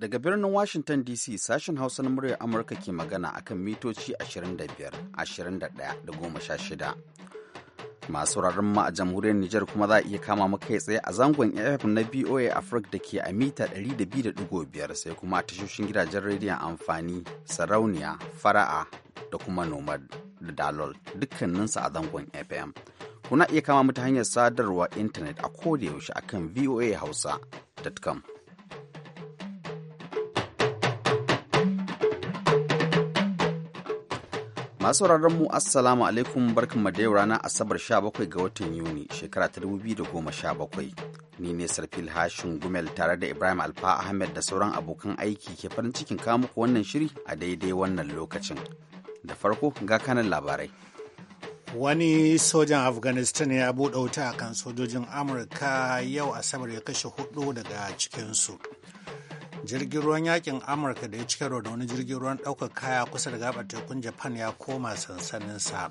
Daga birnin Washington DC sashen Hausa na muryar Amurka ke magana akan mitoci 25, 21 da 16. masu rarrun ma a jamhuriyar Nijar kuma za a iya kama mu kai tsaye a zangon AF na BOA Africa da ke a mita 200.5 sai kuma a tashoshin gidajen rediyon amfani sarauniya fara'a da kuma nomad da dalol dukkaninsu a zangon FM. Kuna iya kama mu ta hanyar sadarwa intanet a kodayaushe akan voahausa.com. Masu mu Assalamu alaikum barkan da yau ranar Asabar 17 ga watan Yuni shekara ta 2017. Ni ne Sarfil Hashin Gumel tare da Ibrahim Alfa Ahmed da sauran abokan aiki ke farin cikin kawo muku wannan shiri a daidai wannan lokacin. Da farko ga kanan labarai. Wani sojan Afghanistan ya buɗe wuta a kan sojojin Amurka yau Asabar ya kashe hudu daga cikinsu. jirgin ruwan yakin amurka da ya ci karo da wani jirgin ruwan ɗaukar kaya kusa da gabar tekun japan ya koma sansaninsa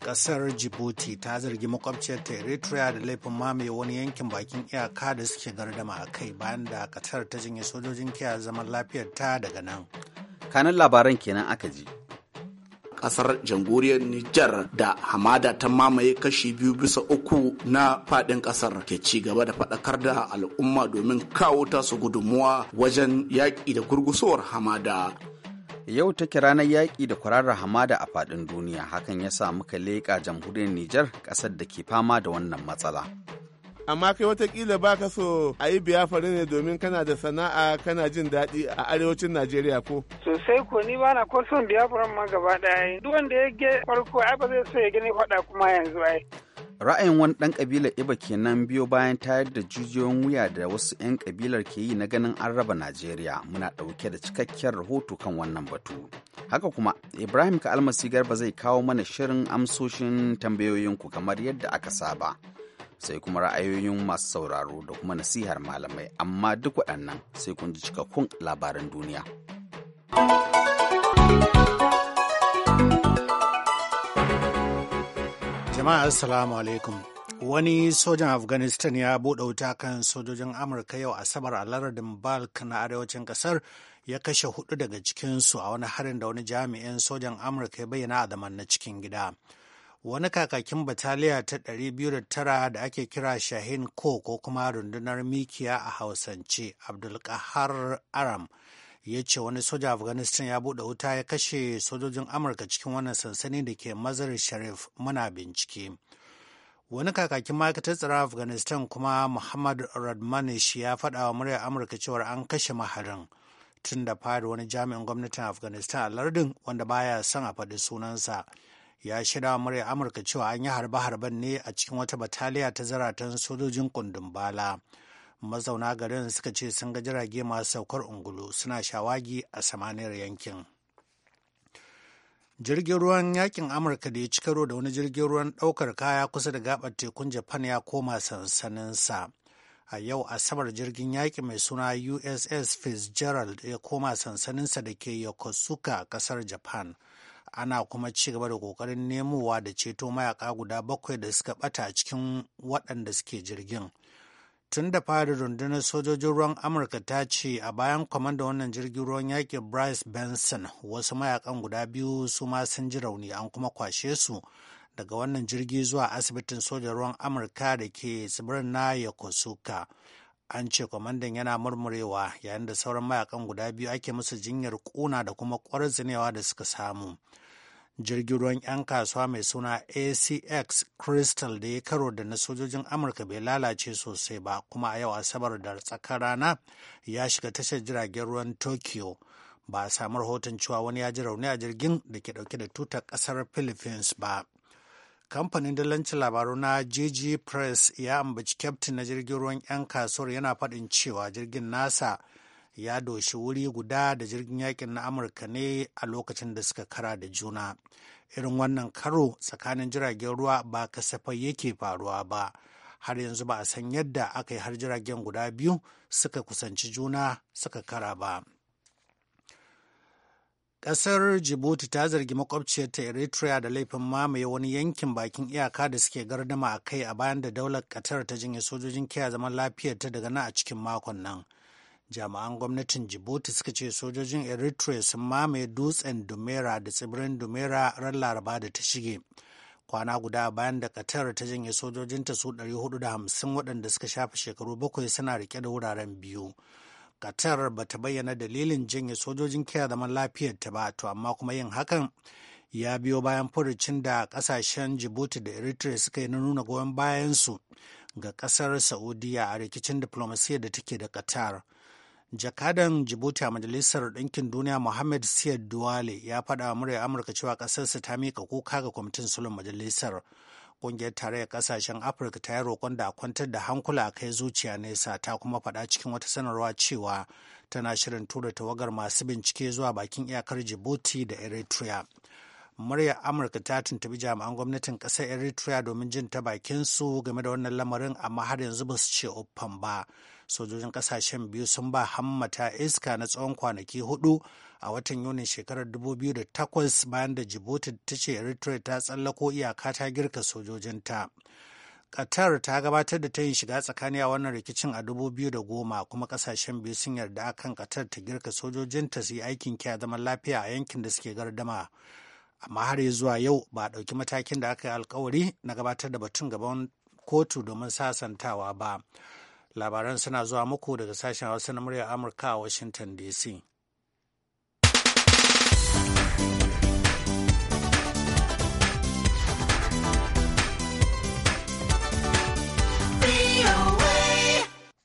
ƙasar djibouti ta zargi makwabciyar ta eritrea da laifin mamaye wani yankin bakin iyaka da suke gardama a kai bayan da qatar ta janye sojojin kiyaye zaman lafiyar ta daga nan kanan labaran kenan aka ji kasar jamhuriyar Nijar da hamada ta mamaye kashi biyu bisa uku na fadin kasar ke ci gaba da faɗakar da al'umma domin kawo tasu gudunmuwa wajen yaƙi da gurgusowar hamada. Yau take ranar yaƙi da kwararar hamada a faɗin duniya hakan ya sa muka leƙa jamhuriyar Nijar ƙasar da ke fama da wannan matsala. amma kai watakila ba ka so a yi biyafari ne domin kana da sana'a kana jin daɗi a arewacin najeriya ko sosai ko ni ba na ko son biyafaran ma gaba ɗaya duk wanda ya ge farko ai ba zai so ya gani faɗa kuma yanzu ai ra'ayin wani ɗan ƙabilar iba kenan biyo bayan tayar da jijiyoyin wuya da wasu 'yan ƙabilar ke yi na ganin an raba najeriya muna ɗauke da cikakkiyar rahoto kan wannan batu haka kuma ibrahim ka almasi garba zai kawo mana shirin amsoshin tambayoyinku kamar yadda aka saba sai kuma ra'ayoyin masu sauraro da kuma nasihar malamai amma duk waɗannan sai kun ji cikakkun labaran duniya. Jama'a Assalamu alaikum. Wani sojan Afghanistan ya buɗe wuta kan sojojin Amurka yau Asabar a lardin Balk na arewacin ƙasar ya kashe hudu daga cikinsu a wani harin da wani jami'in sojan Amurka ya bayyana a zaman na cikin gida. wani kakakin bataliya ta 209 da ake kira shahin ko ko kuma rundunar mikiya a hausance abdulkahar aram ya ce wani soja afghanistan ya buɗe wuta ya kashe sojojin amurka cikin wannan sansani da ke mazar sharif muna bincike wani kakakin ma'aikatar tsaron afghanistan kuma muhammad radmanish ya faɗa wa muryar amurka cewar an kashe maharin tun da fari wani jami'in gwamnatin afghanistan a lardin wanda baya son a faɗi sunansa ya shirya murya amurka cewa an yi harbe-harben ne a cikin wata bataliya ta zaratan sojojin kundin bala mazauna garin suka ce sun ga jirage masu saukar ungulu suna shawagi a samaniyar yankin jirgin ruwan yakin amurka da ya ci karo da wani jirgin ruwan ɗaukar kaya kusa da gabar tekun japan ya koma sansaninsa a yau asabar jirgin yaƙi mai suna uss fitzgerald ya koma sansaninsa da ke yokosuka ƙasar japan ana kuma ci gaba da kokarin nemowa da ceto mayaka guda bakwai da suka ɓata a cikin waɗanda suke jirgin. Tun da fari rundunar sojojin ruwan Amurka ta ce a bayan kwamandan wannan jirgin ruwan yaƙi Bryce Benson wasu mayakan guda biyu su ma sun ji rauni an kuma kwashe su daga wannan jirgi zuwa asibitin sojan ruwan Amurka da ke tsibirin na Yokosuka. an ce kwamandan yana murmurewa yayin da sauran mayakan guda biyu ake musu jinyar kuna da kuma kwarzinewa da suka samu jirgin ruwan 'yan kasuwa mai suna acx crystal da ya karo da na sojojin amurka bai lalace sosai ba kuma a yau asabar da tsakar rana ya shiga tashar jiragen ruwan tokyo ba a samu rahoton cewa wani ya ji rauni a jirgin da ke dauke da tutar kasar philippines ba kamfanin dalancin labaru na gg press ya ambaci kyaftin na jirgin ruwan 'yan kasuwar yana faɗin cewa jirgin nasa ya doshi wuri guda da jirgin yakin na amurka ne a lokacin da suka kara da juna irin wannan karo tsakanin jiragen ruwa ba kasafai yake faruwa ba har yanzu ba a san yadda aka yi har jiragen guda biyu suka kusanci juna suka kara ba Ƙasar jibuti ta zargi makwabciyarta Eritrea da laifin mamaye wani yankin bakin iyaka da suke gardama a kai a bayan da daular Qatar ta jinya sojojin kiya zaman lafiyarta daga nan a cikin makon nan. jami'an gwamnatin Djibouti suka ce sojojin Eritrea sun mamaye dutsen Dumera da tsibirin Dumera ran Laraba da ta shige. Kwana guda bayan da Qatar ta janye sojojinta su 450 waɗanda suka shafe shekaru bakwai suna rike da wuraren biyu. Qatar ba ta bayyana dalilin janye sojojin kira zaman ta ba, to amma kuma yin hakan ya biyo bayan furucin da ƙasashen Djibouti da Eritrea suka yi na nuna goyon bayansu ga ƙasar Saudiya a rikicin diflomasiyyar da take da Qatar. jakadan jibuti a majalisar ɗinkin duniya mohammed siad duwale ya faɗa murya amurka cewa ƙasarsa ta mika kuka ga kwamitin sulhun majalisar ƙungiyar tarayyar ƙasashen afirka ta yi roƙon da kwantar da hankula a kai zuciya nesa ta kuma faɗa cikin wata sanarwa cewa tana shirin tura tawagar masu bincike zuwa bakin iyakar jibuti da eritrea muryar amurka ta tuntubi jami'an gwamnatin ƙasar eritrea domin jin ta bakinsu game da wannan lamarin amma har yanzu ba su ce uffan ba sojojin kasashen biyu sun ba hammata iska na tsawon kwanaki hudu a watan yunin shekarar 2008 bayan da djibouti ta ce eritrea ta tsallako iyaka ta girka sojojinta qatar ta gabatar da ta yin shiga tsakani a wannan rikicin a 2010 kuma kasashen biyu sun yarda akan qatar ta girka sojojinta su yi aikin kya zaman lafiya a yankin da suke gardama amma har zuwa yau ba a ɗauki matakin da aka yi alkawari na gabatar da batun gaban kotu domin sasantawa ba labaran suna zuwa muku daga sashen hausa na muryar amurka a washington dc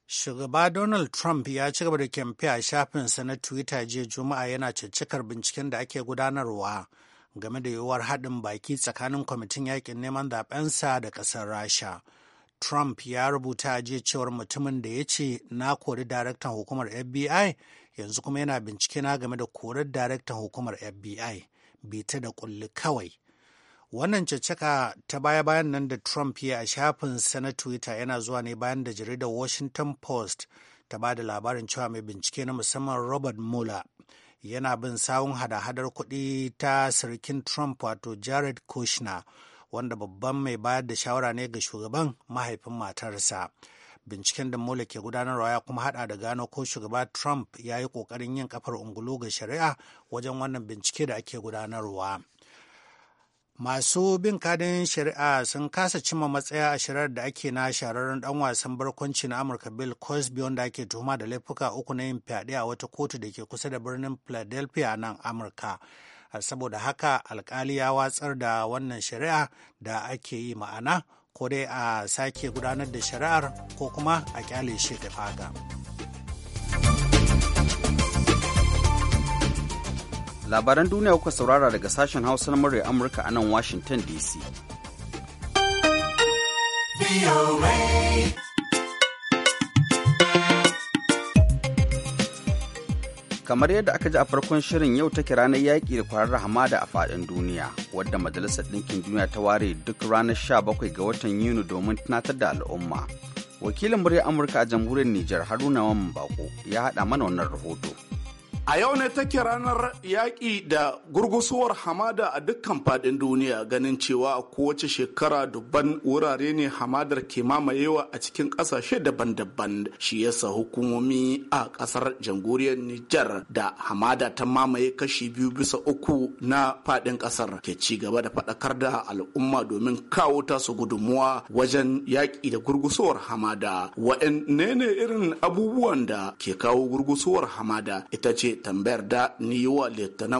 shugaba Donald Trump ya ci gaba da kyamfe a shafin sa na Twitter jiya Juma'a yana caccakar binciken da ake gudanarwa game da yiwuwar haɗin baki tsakanin kwamitin yakin neman zaɓensa da ƙasar Rasha. Trump ya rubuta jiya cewar mutumin da ya ce na kori daraktan hukumar FBI yanzu kuma yana bincike na game da korar daraktan hukumar FBI bita da kulli kawai. Wannan caccaka ta baya-bayan nan da Trump ya a shafinsa na Twitter yana zuwa ne bayan da jaridar Washington Post ta ba da labarin cewa mai bincike na musamman Robert Mueller yana bin sawun hada-hadar kuɗi ta sirkin Trump wato Jared Kushner. wanda babban mai bayar da shawara ne ga shugaban mahaifin matarsa. binciken da Mueller ke gudanarwa ya kuma hada da gano ko shugaba Trump ya yi kokarin yin kafar ungulu ga shari'a wajen wannan bincike da ake gudanarwa. Masu bin kadin shari'a sun kasa cimma matsaya a shirar da ake na shahararren dan wasan barkwanci na Amurka Bill Cosby wanda ake tuhuma da laifuka uku na yin fyaɗe a wata kotu da ke kusa da birnin Philadelphia nan Amurka. saboda haka alkali ya watsar da wannan shari'a da ake yi ma'ana ko dai a sake gudanar da shari'ar ko kuma a kyale shi da faga. labaran duniya kuka saurara daga sashen hausa na murya amurka a nan washington dc. kamar yadda aka ji a farkon shirin yau take ranar yaƙi da kwararar hamada a faɗin duniya wadda majalisar ɗinkin duniya ta ware duk ranar 17 ga watan yuni domin tunatar da al'umma wakilin murya amurka a jamhuriyar nijar haruna mamman bako ya haɗa mana wannan rahoto A yau ne take ranar yaƙi da gurgusuwar hamada a dukkan faɗin duniya ganin cewa a kowace shekara dubban wurare ne hamadar ke mamayewa a cikin ƙasashe daban-daban shi yasa hukumomi a ƙasar jamhuriyar Nijar da hamada ta mamaye kashi biyu bisa uku na faɗin ƙasar ke ci gaba da faɗakar da al'umma domin kawo ta su gudunmuwa wajen yaƙi da gurgusuwar hamada. Waɗanne ne irin abubuwan da ke kawo gurgusuwar hamada ita ce tambayar da ni yi wa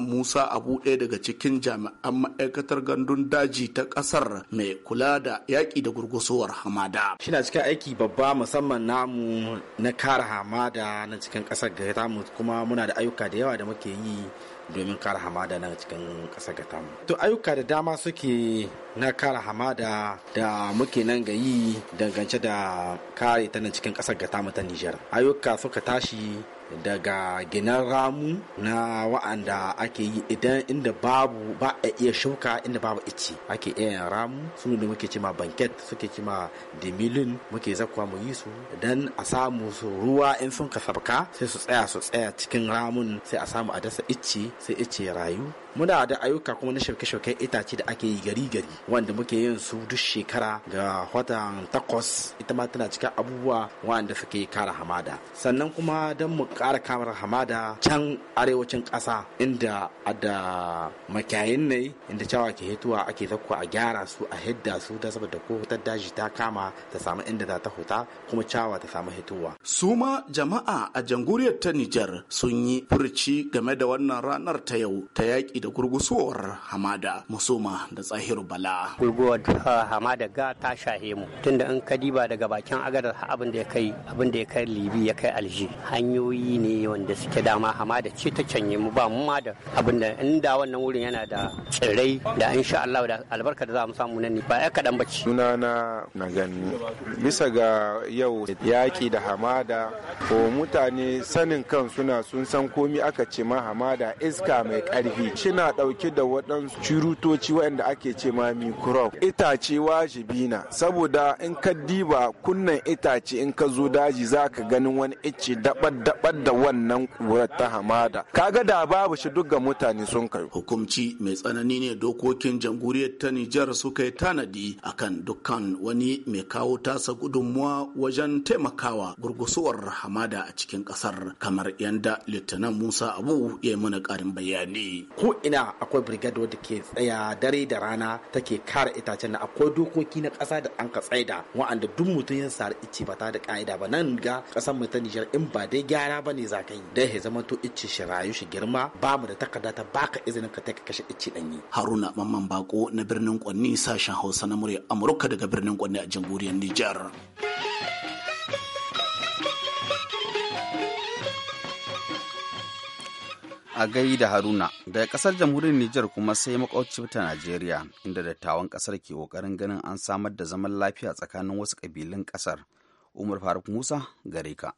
Musa Abu ɗaya daga cikin jami'an ma'aikatar gandun daji ta ƙasar mai kula da yaƙi da gurgusowar hamada. shi na cikin aiki babba musamman namu na kare hamada na cikin ƙasar gare kuma muna da ayyuka da yawa da muke yi domin kara hamada na cikin kasa ga tamu to ayyuka da dama suke na kara hamada da muke nan ga yi dangance da kare ta na cikin ƙasar ga ta Nijar ayyuka suka tashi daga ginan ramu na wa'anda ake yi idan inda babu ba a iya shuka inda babu ici ake iya ramu su da muke cima banket suke cima demilin muke zakwa mu yi su idan a samu su ruwa in sun ka sai su tsaya su tsaya cikin ramun sai a samu a dasa ici sai ya ce rayu muna da ayyuka kuma na shirke shauke itace da ake yi gari-gari wanda muke yin su duk shekara ga watan takwas ita ma tana cikin abubuwa wanda suke kara hamada sannan kuma don mu kara kamar hamada can arewacin ƙasa inda a da makiyayin ne inda cewa ke hituwa ake zakko a gyara su a hidda su da saboda ko hutar daji ta kama ta samu inda za ta huta kuma cewa ta samu hituwa. su ma jama'a a janguriyar ta nijar sun yi furci game da wannan ranar ta yau ta yaƙi da gurgusuwar hamada musoma da tsahiru bala gurguwar hamada ga ta shahe mu tunda in ka diba daga bakin agadar abin da ya kai abin da ya kai libi ya kai alji hanyoyi ne wanda suke dama hamada ce ta canye mu ba mu ma da abin da inda wannan wurin yana da tsirrai da insha Allah da albarka da za mu samu nan ba ya kaɗan ba suna na na gani bisa ga yau yaƙi da hamada ko mutane sanin kan suna sun san komi aka ce ma hamada iska mai ƙarfi suna ɗauke da waɗansu curutoci waɗanda ake ce ma microbe itace wajibi na saboda in ka diba kunnan itace in ka zo daji za ka ganin wani ice dabar dabar da wannan ƙurar ta hamada kaga da babu shi duk ga mutane sun kai hukumci mai tsanani ne dokokin jamhuriyar ta Nijar suka yi tanadi akan dukkan wani mai kawo tasa gudunmuwa wajen taimakawa gurgusuwar hamada a cikin ƙasar kamar yanda litinin Musa Abu ya yi mana ƙarin bayani. Ko ina akwai brigade da ke tsaya dare da rana take kare itacen na akwai dokoki na kasa da an ka tsaida wa'anda duk mutum ya sari ice ba ta da ka'ida ba nan ga ƙasar mu ta Nijar in ba dai gyara ba ne za ka yi dai ya zama to ice shi rayu shi girma ba mu da takarda ta baka izinin ka take kashe ice yi. Haruna Mamman Bako na birnin Kwanni sashen Hausa na murya Amurka daga birnin Kwanni a jamhuriyar Nijar. a gai da haruna daga kasar jamhuriyar nijar kuma sai makwabci ta najeriya inda dattawan kasar ke kokarin ganin an samar da zaman lafiya tsakanin wasu kabilun kasar umar faruk musa gare ka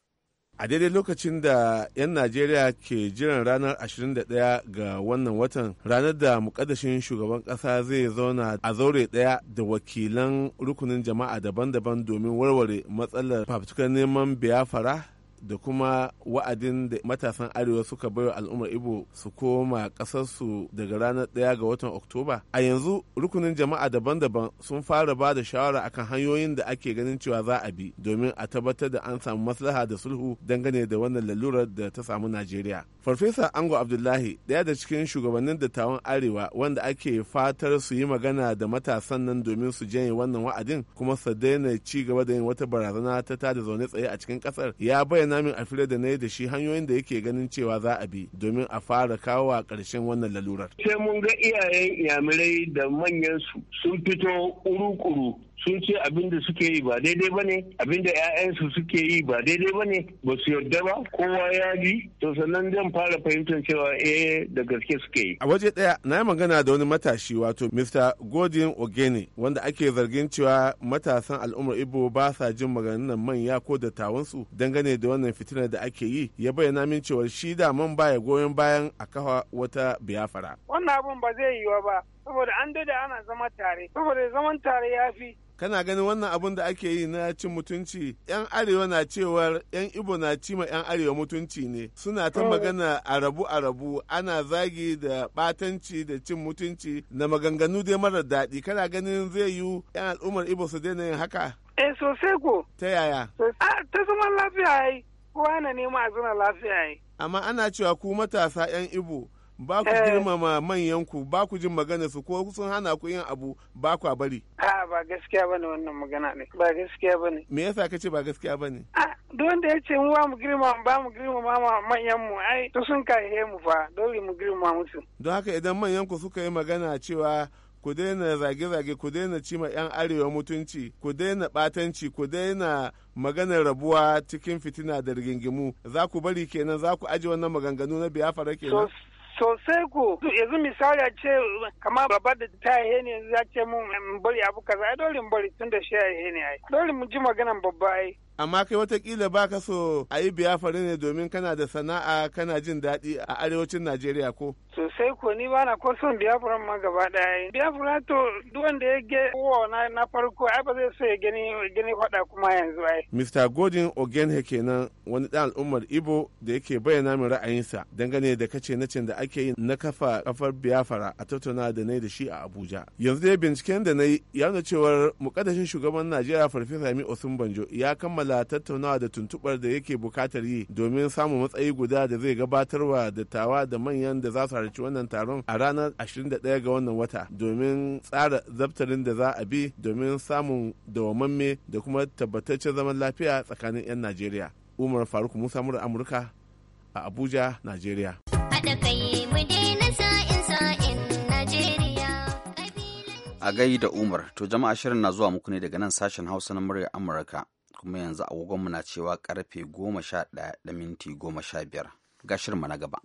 a daidai lokacin da 'yan najeriya ke jiran ranar 21 ga wannan watan ranar da mukaddashin shugaban kasa zai zauna a zaure daya da wakilan rukunin jama'a daban-daban domin warware matsalar fafutukar neman biyafara da kuma wa'adin da matasan arewa suka baiwa al'ummar ibo su koma su daga ranar ɗaya ga watan oktoba a yanzu rukunin jama'a daban-daban sun fara ba da shawara akan hanyoyin da ake ganin cewa za a bi domin a tabbatar da an samu maslaha da sulhu dangane da wannan lalurar da ta samu najeriya farfesa ango abdullahi daya da cikin shugabannin dattawan arewa wanda ake fatar su yi magana da matasan nan domin su janye wannan wa'adin kuma su daina ci gaba da yin wata barazana ta tada zaune tsaye a cikin kasar ya bayyana min a da na yi da shi hanyoyin da yake ganin cewa za a bi domin a fara kawo a ƙarshen wannan lalurar. sai mun ga iyayen iyamirai da manyan su sun fito urukuru sun ce abin da suke yi ba daidai ba ne abin da 'ya'yansu suke yi ba daidai ba ne ba su yarda ba kowa ya bi to sannan zan fara fahimtar cewa eh da gaske suke yi a waje daya na magana da wani matashi wato mr godin ogene wanda ake zargin cewa matasan al'ummar ibo ba sa jin maganganun manya ko dattawansu dangane da wannan fitinar da ake yi ya bayyana min cewa shi da man baya goyon bayan a kafa wata biyafara wannan abun ba zai yiwa ba saboda an dade ana zama tare saboda zaman tare ya fi kana ganin wannan abin da ake yi na cin mutunci yan arewa na cewar yan ibo na cima yan arewa mutunci ne suna ta oh. magana a rabu a rabu ana zagi da batanci da cin mutunci na maganganu dai mara daɗi kana ganin zai yiwu yan al'ummar ibo su daina yin haka eh sosai ko ta yaya ah, ta zama lafiya yi kowa na nema a zuna lafiya yi amma ana cewa ku matasa yan ibo ba ku eh. girmama manyan ku ba ku jin magana su ko sun hana ku yin abu ba ku bari a ba gaskiya bane wannan magana ne ba gaskiya bane me yasa ce ba gaskiya bane duk wanda ya ce mu ba mu girma ba mu girma ma manyan mu ai to sun kai mu fa dole mu girma musu don haka idan manyan ku suka yi magana cewa ku daina zage-zage ku daina cima 'yan arewa mutunci ku daina batanci ku daina maganar rabuwa cikin fitina da rigingimu za ku bari kenan za ku aji wannan maganganu na biyafara kenan sosai ku yanzu misali a ce kama babba da ta yi ne ya ce mun bari abu kaza ai dole bari tun da shi ya yi ne ai dole mu ji maganan babba ai amma kai watakila ba ka so a yi biyafare ne domin kana da sana'a kana jin daɗi a arewacin najeriya ko sosai ko ni ba na ko son biyafra ma gaba ɗaya biyafra to duk wanda ya ge wa na, na farko ai ba zai so ya gani gani faɗa kuma yanzu ai Mr. Godin ogen kenan wani ɗan al'ummar Ibo da yake bayyana min ra'ayinsa dangane da kace nacin da ake yi na kafa kafar biyafara a tattauna da na da shi a Abuja yanzu dai binciken da na ya nuna cewar mukaddashin shugaban Najeriya Farfesa osun banjo ya kammala kammala tattaunawa da tuntubar da yake bukatar yi domin samun matsayi guda da zai gabatarwa dattawa da manyan da za su harci wannan taron a ranar 21 ga wannan wata domin tsara zaftarin da za a bi domin samun dawamamme da kuma tabbataccen zaman lafiya tsakanin 'yan Najeriya. Umar Faruk Musa Mura Amurka a Abuja, Najeriya. A gai da Umar, to jama'a shirin na zuwa muku ne daga nan sashen Hausa na murya Amurka kuma yanzu agogonmu na cewa karfe goma sha ɗaya da minti goma sha biyar ga shirma na gaba.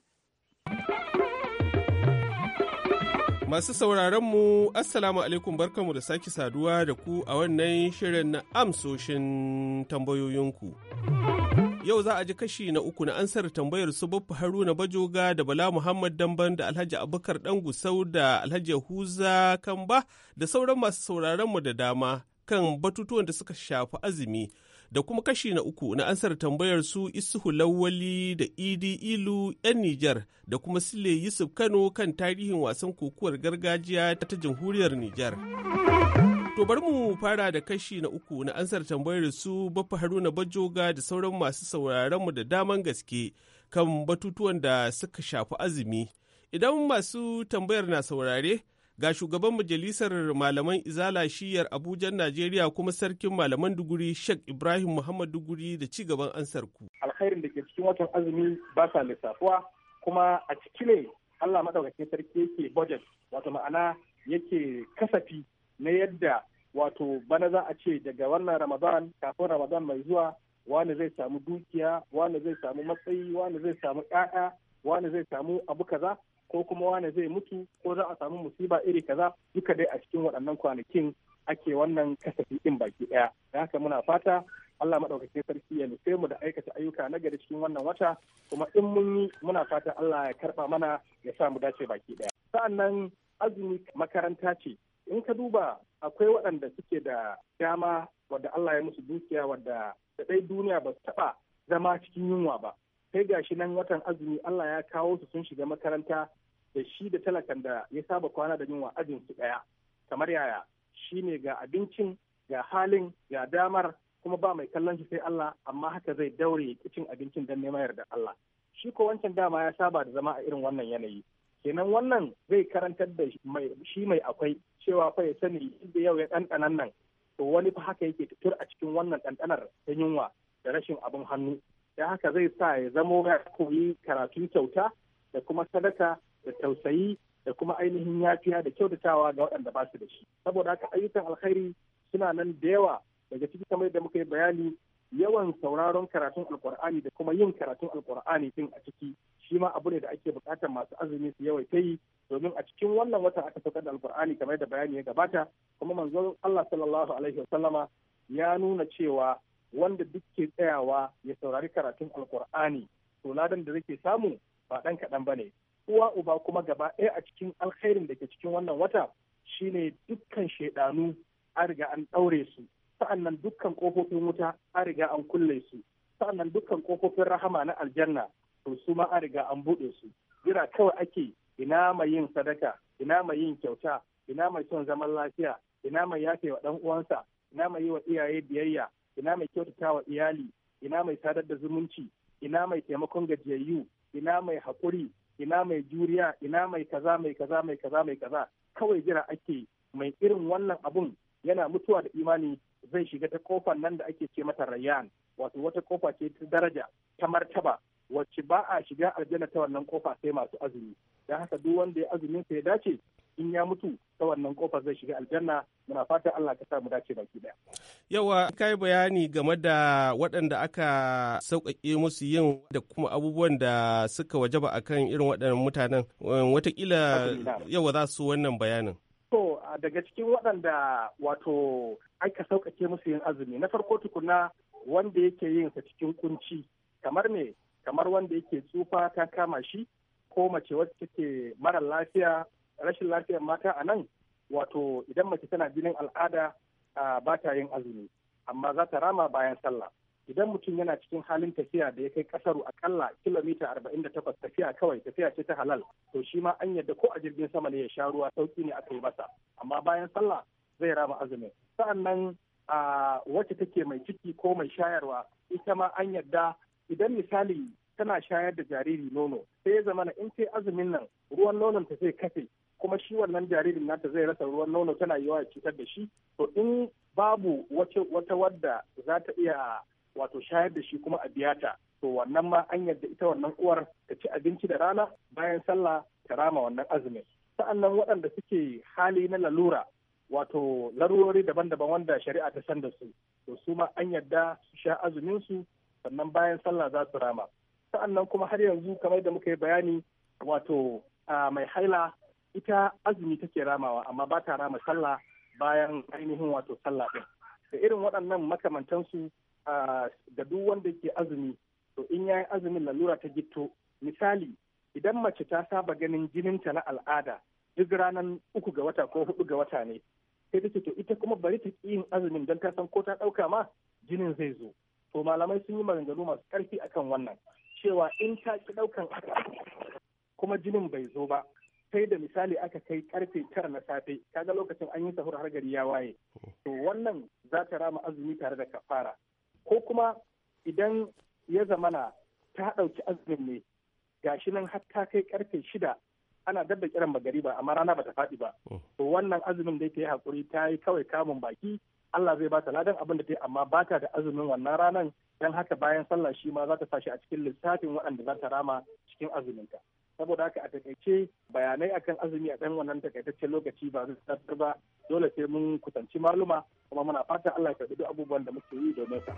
Masu sauraron mu Assalamu alaikum barkanmu da sake saduwa da ku a wannan shirin na amsoshin tambayoyinku. Yau za a ji kashi na uku na ansar tambayar su Baffa Haruna Bajoga da Bala Muhammad Damban da Alhaji Abubakar Dangusau da Alhaji Huza Kamba da sauran masu sauraron mu da dama kan batutuwan da suka shafi azumi da kuma kashi na uku na ansar tambayar su isuhu lawali da idi ilu 'yan nijar da kuma sile yusuf kano kan tarihin wasan kokuwar gargajiya ta jamhuriyar nijar to bari mu fara da kashi na uku na ansar tambayar su bafa haruna bajoga da sauran masu sauraron mu da daman gaske kan batutuwan da suka shafi azumi idan masu tambayar na saurare Ga shugaban majalisar malaman izala shiyar Abuja Najeriya kuma sarkin malaman duguri Sheikh Ibrahim Muhammad duguri da ci gaban ansarku. Alkhairin da ke cikin watan azumi ba sa lissafuwa kuma a ciki ne Allah madaukakin sarki yake budget wato ma'ana yake kasafi na yadda wato bana za a ce daga wannan Ramadan kafin Ramadan mai zuwa wani zai samu dukiya wani zai samu matsayi wani zai samu ƴaƴa wani zai samu abu kaza ko kuma wane zai mutu ko za a samu musiba iri kaza duka dai a cikin waɗannan kwanakin ake wannan kasafi ɗin baki ɗaya da haka muna fata Allah maɗaukakin sarki ya nufe mu da aikata ayyuka na gari cikin wannan wata kuma in mun yi muna fata Allah ya karɓa mana ya sa mu dace baki ɗaya. Sa'annan azumi makaranta ce in ka duba akwai waɗanda suke da dama wadda Allah ya musu dukiya wadda da ɗai duniya ba su taɓa zama cikin yunwa ba. Sai gashi nan watan azumi Allah ya kawo su sun shiga makaranta da shi da talakan da ya saba kwana da yunwa ajin su ɗaya kamar yaya shi ne ga abincin ga halin ga damar kuma ba mai kallon shi sai Allah amma haka zai daure cin abincin don neman yarda Allah shi ko wancan dama ya saba da zama a irin wannan yanayi kenan wannan zai karantar da shi mai akwai cewa fa ya sani inda yau ya ɗanɗanan nan to wani fa haka yake tutur a cikin wannan ɗanɗanar ta yunwa da rashin abin hannu da haka zai sa ya zamo ya koyi karatun kyauta da kuma sadaka da tausayi da kuma ainihin yafiya da kyautatawa ga waɗanda ba su da shi saboda haka ayyukan alkhairi suna nan da yawa daga ciki kamar da muka yi bayani yawan sauraron karatun alkur'ani da kuma yin karatun alkur'ani din a ciki shi ma abu ne da ake bukatar masu azumi su yawaita yi domin a cikin wannan watan aka saukar da alkur'ani kamar da bayani ya gabata kuma manzon Allah sallallahu alaihi sallama ya nuna cewa wanda duk ke tsayawa ya saurari karatun alkur'ani to ladan da zake samu ba ɗan kaɗan ba ne uwa uba kuma gaba ɗaya a cikin alkhairin da ke cikin wannan wata shine dukkan shaidanu an riga an ɗaure su sa'annan dukkan ƙofofin wuta an riga an kulle su sa'annan dukkan ƙofofin rahama na aljanna to su ma an riga an buɗe su jira kawai ake ina mai yin sadaka ina mai yin kyauta ina mai son zaman lafiya ina mai yafe wa ɗan uwansa ina mai yi wa iyaye biyayya ina mai kyautata wa iyali ina mai sadar da zumunci ina mai taimakon gajiyayyu ina mai haƙuri ina mai juriya ina mai kaza mai kaza mai kaza mai kaza kawai jira ake mai irin wannan abun yana mutuwa da imani zai shiga ta kofar nan da ake ce mata rayyan wato wata kofa ce ta daraja ta martaba wacce ba a shiga aljanna ta wannan kofa sai masu azumi don haka duk wanda ya azumin sa ya dace in ya mutu ta wannan kofar zai shiga aljanna muna fatan Allah ka sa mu dace baki daya yawa kai bayani game da waɗanda aka sauƙaƙe musu yin da kuma abubuwan da suka wajaba akan irin waɗannan mutanen watakila yawa za su wannan bayanin to daga cikin waɗanda wato aka sauƙaƙe musu yin azumi na farko tukuna wanda yake yin sa cikin kunci kamar me kamar wanda yake tsufa ta kama shi ko mace wacce take mara lafiya rashin lafiyar mata a nan wato idan mace tana jinin al'ada ba ta yin azumi amma za ta rama bayan sallah idan mutum yana cikin halin tafiya da ya kai kasaru akalla kilomita arba'in da takwas tafiya kawai tafiya ce ta halal to shi ma an yadda ko a jirgin sama ne ya sha ruwa sauki ne aka yi masa amma bayan sallah zai rama azumin sa'annan a wacce take mai ciki ko mai shayarwa ita ma an yadda idan misali tana shayar da jariri nono sai ya zamana in sai azumin nan ruwan nonon ta zai kafe kuma shi wannan jaririn nata zai rasa ruwan nono tana yi ya cutar da shi to in babu wata wadda za ta iya wato shayar da shi kuma a biya ta to wannan ma an yadda ita wannan uwar ta ci abinci da rana bayan sallah ta rama wannan azumin sa'annan waɗanda suke hali na lalura wato larurori daban-daban wanda shari'a ta san da su to su ma an yadda su sha azumin su sannan bayan sallah za su rama sa'annan kuma har yanzu kamar da muka yi bayani wato mai haila ita azumi take ramawa amma ba ta rama sallah bayan ainihin wato sallah ɗin da irin waɗannan makamantansu da duk wanda ke azumi to in yayi azumin lalura ta gitto misali idan mace ta saba ganin jininta na al'ada duk ranar uku ga wata ko hudu ga wata ne sai take to ita kuma bari ta yin azumin don ta san ko ta ɗauka ma jinin zai zo to malamai sun yi maganganu masu ƙarfi akan wannan cewa in ta ki ɗaukan kuma jinin bai zo ba sai da misali aka kai karfe tara na safe kaga lokacin an yi sahur har gari ya waye to wannan za ta rama azumi tare da kafara ko kuma idan ya zamana ta ɗauki azumin ne gashi nan har ta kai karfe shida ana dab kiran magari ba amma rana bata faɗi ba to wannan azumin da ta yi hakuri ta yi kawai kamun baki Allah zai bata ladan abin da ta yi amma ta da azumin wannan ranan dan haka bayan sallah shi ma za ta sa shi a cikin lissafin waɗanda za ta rama cikin azuminta. saboda haka a takaice bayanai akan azumi a ɗan wannan takaitaccen lokaci ba zai tattar ba dole sai mun kusanci maluma kuma muna fatan Allah ya duk abubuwan da muke yi domin sa.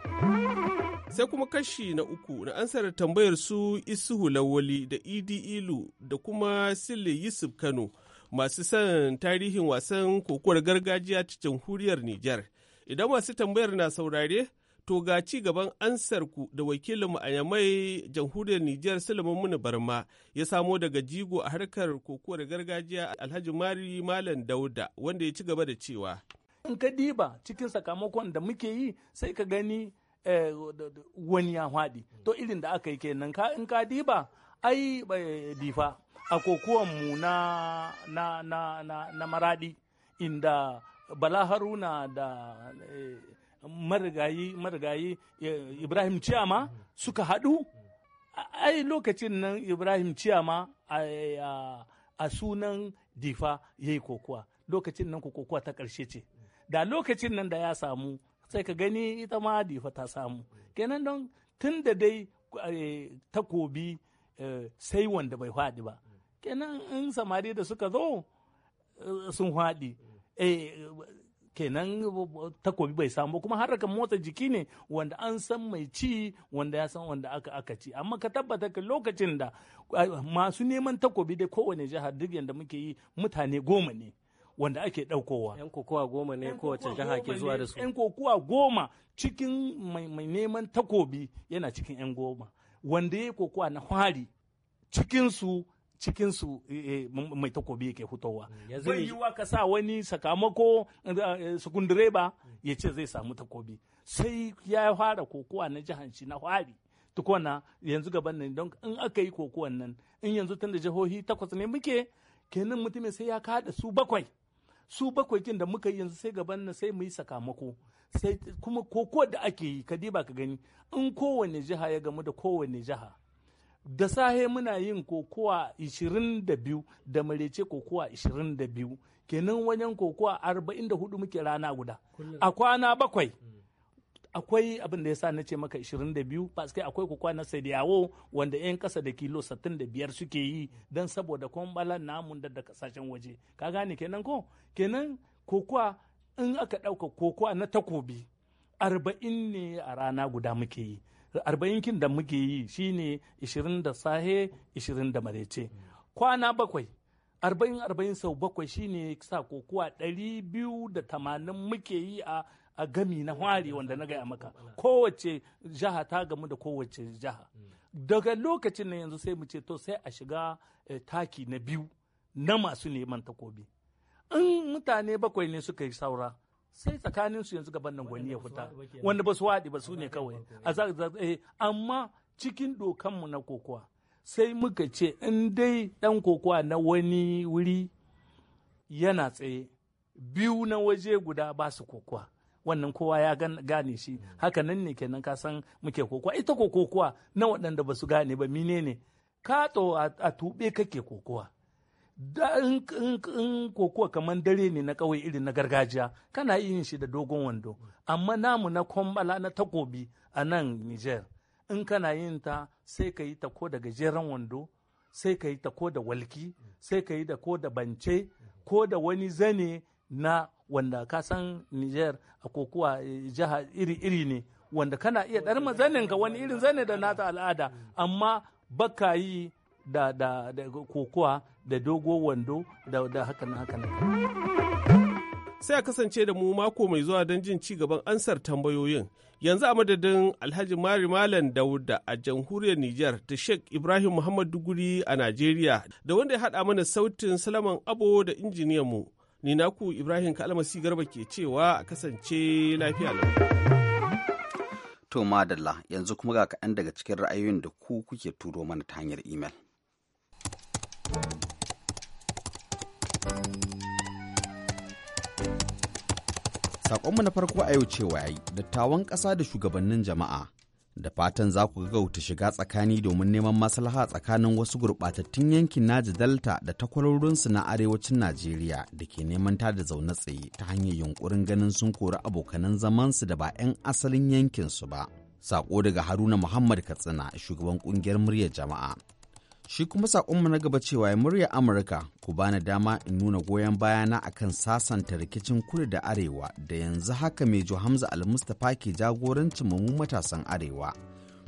Sai kuma kashi na uku na ansar tambayar su Isuhu Lawali da Idi Ilu da kuma Sile Yusuf Kano masu son tarihin wasan kokowar gargajiya ta huriyar Nijar. Idan masu tambayar na saurare, To ga ci gaban ansarku da wakilinmu a Yamai jamhuriyar Nijar Sulaiman Muni Barma ya samo daga jigo a harkar kokowar gargajiya Alhaji Mari Malam Dauda wanda ya ci gaba da cewa. In ka diba cikin sakamakon da muke yi sai ka gani eh, wani ya haɗi. To irin da aka yi kenan in ka diba ai eh, difa a mu na, na, na, na, maradi inda Bala Haruna da eh, marigayi eh, ibrahim ciyama suka haɗu ai lokacin nan ibrahim ciyama a sunan difa ya yi kokowa lokacin nan kokowa ta ƙarshe ce da lokacin nan da ya samu sai ka gani ita ma difa ta samu kenan don tun da dai eh, takobi eh, sai wanda bai faɗi ba kenan in samari da suka zo sun faɗi. kenan takobi bai samu kuma harkar motsa jiki ne wanda an san mai ci wanda ya san wanda aka aka ci amma ka tabbata ka lokacin da masu neman takobi dai kowane jihar duk yadda muke yi mutane goma ne wanda ake daukowa 'Yan kokowa goma ne kowace jiha ke zuwa da su. 'Yan kokowa goma cikin mai neman takobi yana cikin 'yan goma. Wanda ya kokowa na hwari cikinsu cikinsu eh, eh, mai takobi yake hutowa mm, bai wa ka sa wani sakamako eh, ba mm. ya ce zai samu takobi sai ya fara kokowa na jihanci shi na hwari tukwana yanzu gaban nan don in aka yi kokowan nan in yanzu tun da jihohi takwas ne muke kenan mutumin sai ya kada su bakwai su bakwai kin da muka yi yanzu sai gaban nan sai mu yi sakamako sai kuma koko da ake yi ka ba ka gani in kowane jiha ya gamu da kowane jiha da sahe muna yin kokowa 22 da marece kokowa 22 kenan wajen kokowa 44 muke rana guda a kwana bakwai akwai abin da ya sa na ce maka 22 paske akwai kokowa na sadiyawo wanda 'yan kasa da kilo 65 suke yi don saboda kwambalan namun da kasashen waje ka gane kenan ko kenan kokowa in aka ɗauka kokowa na takobi 40 ne a rana guda muke yi arba'in kin da muke yi shine ishirin da sahe ishirin da marece kwana bakwai arba'in arba'in sau bakwai shine sa kokuwa ɗari biyu da tamanin muke yi a a gami na hwari wanda na gaya maka kowace jiha ta gamu da kowace jiha daga lokacin nan yanzu sai mu ce to sai a shiga eh, taki na biyu na masu neman takobi in mutane bakwai ne suka yi saura sai tsakanin su yanzu gaban nan gwani ya fita wanda ba su waɗi ba su ne kawai eh, amma cikin dokanmu na kokowa sai muka ce in dai ɗan kokowa na wani wuri yana tsaye biyu na waje guda ba su kokowa wannan kowa ya gane shi mm. hakanan ne kenan ka san muke kokowa ita kokowa na waɗanda ba su gane ba menene ka a tuɓe kake kokowa da in kokowa kamar dare ne na kawai irin na gargajiya kana yin shi da dogon wando amma namu na kwambala na takobi a nan Nijar in kana yin ta sai ka yi ta ko da gajeren wando sai ka yi ta ko da walki sai ka yi da ko da bance ko da wani zane na wanda ka san niger a kokowa eh, jiha iri-iri ne wanda kana iya ɗar zanin ka wani irin zane da nata al'ada amma baka yi da da da kokowa da dogo wando da da hakan hakan sai a kasance da mu mako mai zuwa don jin ci gaban ansar tambayoyin yanzu a madadin alhaji mari malam dauda a jamhuriyar niger da sheikh ibrahim muhammad duguri a nigeria. da wanda ya haɗa mana sautin salaman abo da injiniyan mu ni naku ibrahim kalmasi garba ke cewa a kasance lafiya to madalla yanzu kuma ga kaɗan daga cikin ra'ayoyin da ku kuke turo mana ta hanyar imel Saƙonmu na farko a yau cewa yayi dattawan ƙasa da shugabannin jama'a da fatan za ku gauta shiga tsakani domin neman maslaha tsakanin wasu gurɓatattun yankin Naji Delta da takwarorinsu na arewacin Najeriya da ke neman ta da zaune tsaye ta hanyar yunkurin ganin sun kori abokanan zamansu da ba 'yan asalin yankinsu ba. Saƙo daga Haruna Muhammad Katsina, shugaban ƙungiyar muryar jama'a. Shi kuma saƙonmu na gaba cewa ya murya Amurka ku bani dama in nuna goyon bayana akan sasanta rikicin kudu da arewa da yanzu haka mai jo Hamza Al-Mustapha ke jagorancin mu matasan arewa.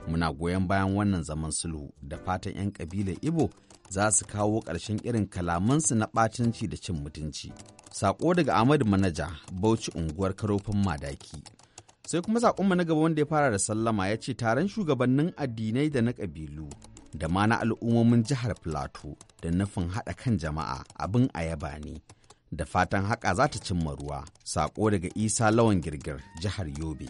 Muna goyon bayan wannan zaman sulhu da fatan 'yan kabilar Ibo za su kawo ƙarshen irin kalamansu na ɓatanci da cin mutunci. Saƙo daga Ahmadu Manaja, Bauchi unguwar Karofin Madaki. sai kuma saƙonmu na gaba wanda ya fara da sallama ya ce taron shugabannin addinai da na ƙabilu da ma na al'ummomin jihar Filato da nufin haɗa kan jama'a abin a yaba ne. Da fatan haka za ta cimma ruwa, saƙo daga Isa Lawan Girgir, jihar Yobe.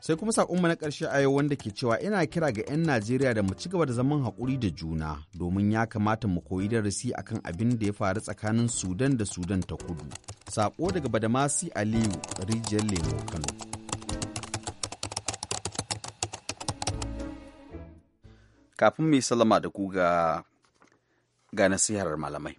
Sai kuma saƙonmu na ƙarshe a yau wanda ke cewa ina kira ga 'yan Najeriya da mu ci gaba da zaman haƙuri da juna domin ya kamata mu koyi darasi akan abin da ya faru tsakanin Sudan da Sudan ta kudu. Saƙo daga Badamasi Aliyu, Rijiyar Lemo, Kano. kafin mai salama da ku siyarar malamai.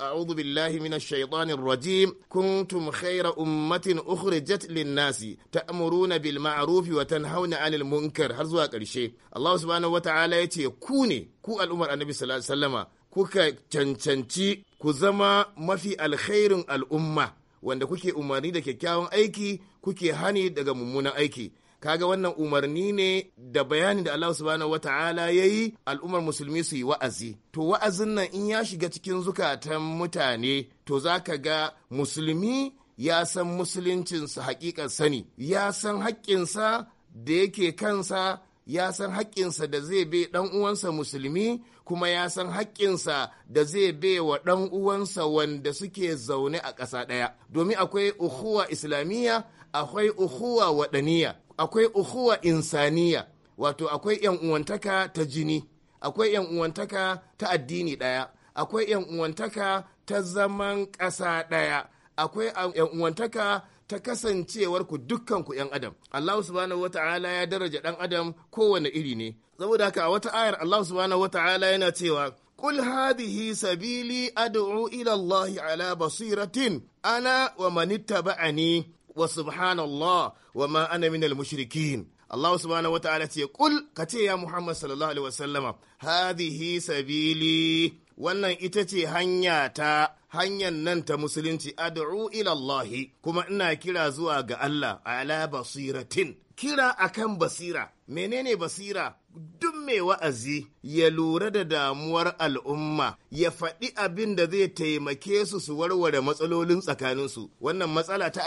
A'udhu billahi mina shaitanin rajim kun tum khaira ummatin ukhuri jetlin nasi ta amuru na bil ma'arufi watan hauna anil munkar har zuwa karshe. Allah su bane wata ya ce ku ne ku al'ummar annabi salama ku cancanci ku zama mafi alkhairin al'umma wanda kuke umarni da kyakkyawan aiki kuke hani daga mummunan aiki. kaga wannan umarni ne da bayani da Allah subhanahu wata'ala yayi al'ummar musulmi su yi wa'azi to wa'azin nan in ya shiga cikin zukatan mutane to za ka ga musulmi ya san musuluncinsa haƙiƙar sani ya san haƙƙinsa da yake kansa ya san haƙƙinsa da zai bai ɗan uwansa musulmi kuma ya san haƙƙinsa da zai bai wa ɗan uwansa wanda suke zaune a ƙasa ɗaya domin akwai uhuwa islamiyya akwai uhuwa waɗaniya akwai uhuwa insaniya wato akwai yan uwantaka ta jini akwai yan uwantaka ta addini daya akwai yan uwantaka ta zaman ƙasa daya akwai yan uwantaka ta kasancewar ku dukkan ku yan adam Allah subhanahu wata'ala ya daraja dan adam kowane iri ne saboda haka a wata ayar Allah subhanahu wata'ala yana cewa قل هذه سبيلي أدعو إلى الله على بصيرة أنا ومن اتبعني wa subhanallah wa ma ana minal mushrikin Allah subhanahu wa ta'ala ce kul ka ce ya Muhammad sallallahu alaihi wasallama hadhihi sabili wannan ita ce hanya ta hanyar nan ta musulunci ad'u ila Allah kuma ina kira zuwa ga Allah ala basiratin kira akan basira menene basira duk mai wa'azi ya lura da damuwar al'umma ya faɗi abin da zai taimake su su warware matsalolin tsakaninsu wannan matsala ta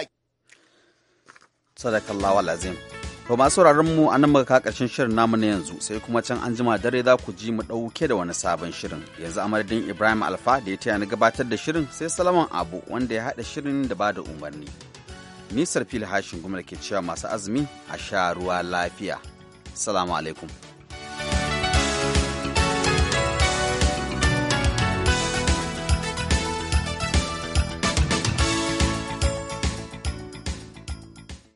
sadakallahu lazim to masu mu a nan muka karshen shirin namu na yanzu sai kuma can an jima dare za ku ji mu ɗauke da wani sabon shirin yanzu a ibrahim alfa da ya taya ni gabatar da shirin sai salaman abu wanda ya haɗa shirin da ba da umarni nisar fili hashin kuma da ke cewa masu azumi a sha ruwa lafiya salamu alaikum